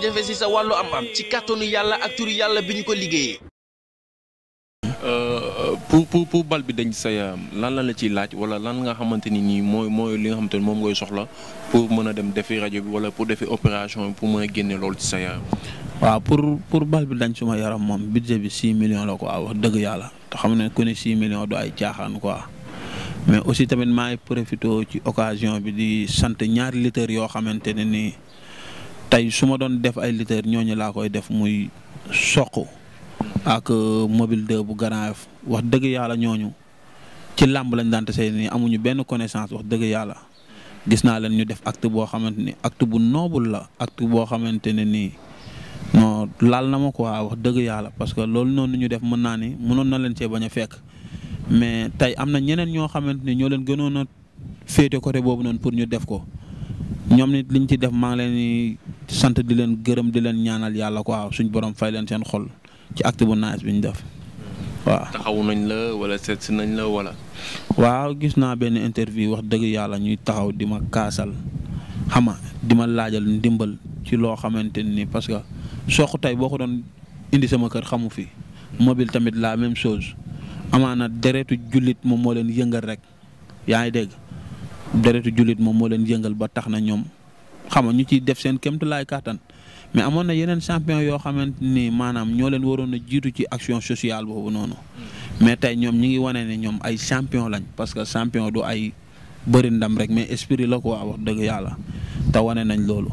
jafe-jafe sa wàllu am-am ci kàttanu yàlla ak turu yàlla bi ñu ko liggéeyee. Euh, pour pour pour bal bi dañ sa yaram lan la la ciy laaj wala lan nga xamante ni nii mooy mooy li nga xamante ni moom ngay soxla pour mën a dem defi rajo bi wala pour defi opération bi pour mën a génne loolu ci sa yaram. waa pour pour bal bi dañ suma yaram moom budget bi 6 millions la quoi wax dëgg yàlla te xam ne ku ne 6 millions du ay caaxaan ko mais aussi tamit maay profité ci occasion bi di sant ñaari lutteurs yoo xamante ne nii tey su ma doon def ay lutteurs ñooñu laa koy def muy soq ak euh, mobile 2 bu Grand Yoff wax dëgg yàlla ñooñu ci làmb lañ daan tasee nii amuñu benn connaissance wax dëgg yàlla gis naa leen ñu def acte boo xamante ni acte bu noble la acte boo xamante ne nii non laal na ma waa wax dëgg yàlla parce que loolu noonu ñu def mën naa ni mënoon na leen cee bañ a fekk mais tey am na ñeneen ñoo xamante ni ñoo leen gënoon a féete côté boobu noonu pour ñu def ko. ñoom nit liñ ci def maa ngi leen di sant di leen gërëm di leen ñaanal yàlla ko quoi suñ borom fay leen seen xol ci acte bu nice bi ñu def. waaw taxawu nañ la wala seet nañ la wala. waaw gis naa benn interview wax dëgg yàlla ñuy taxaw di ma kaasal xama di ma laajal ndimbal ci loo xamante ni parce que soq tey boo ko doon indi sama kër xamu fi. mobile tamit la même chose amaana deretu jullit moom moo leen yëngal rek yaa ngi dégg deretu jullit moom moo leen yëngal ba tax na ñoom xam nga ñu ciy def seen kéemtulaay kàttan mais amoon na yeneen champion yoo xamante ni maanaam ñoo leen waroon a jiitu ci action sociale boobu noonu. mais tey ñoom ñi ngi wane ne ñoom ay champion lañ parce que champion du ay bëri ndam rek mais esprit la ko wax dëgg yàlla te wane nañ loolu.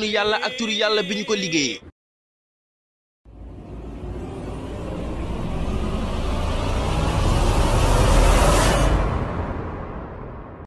yoonu yàlla a tur yàlla bi ñu ko liggéeyee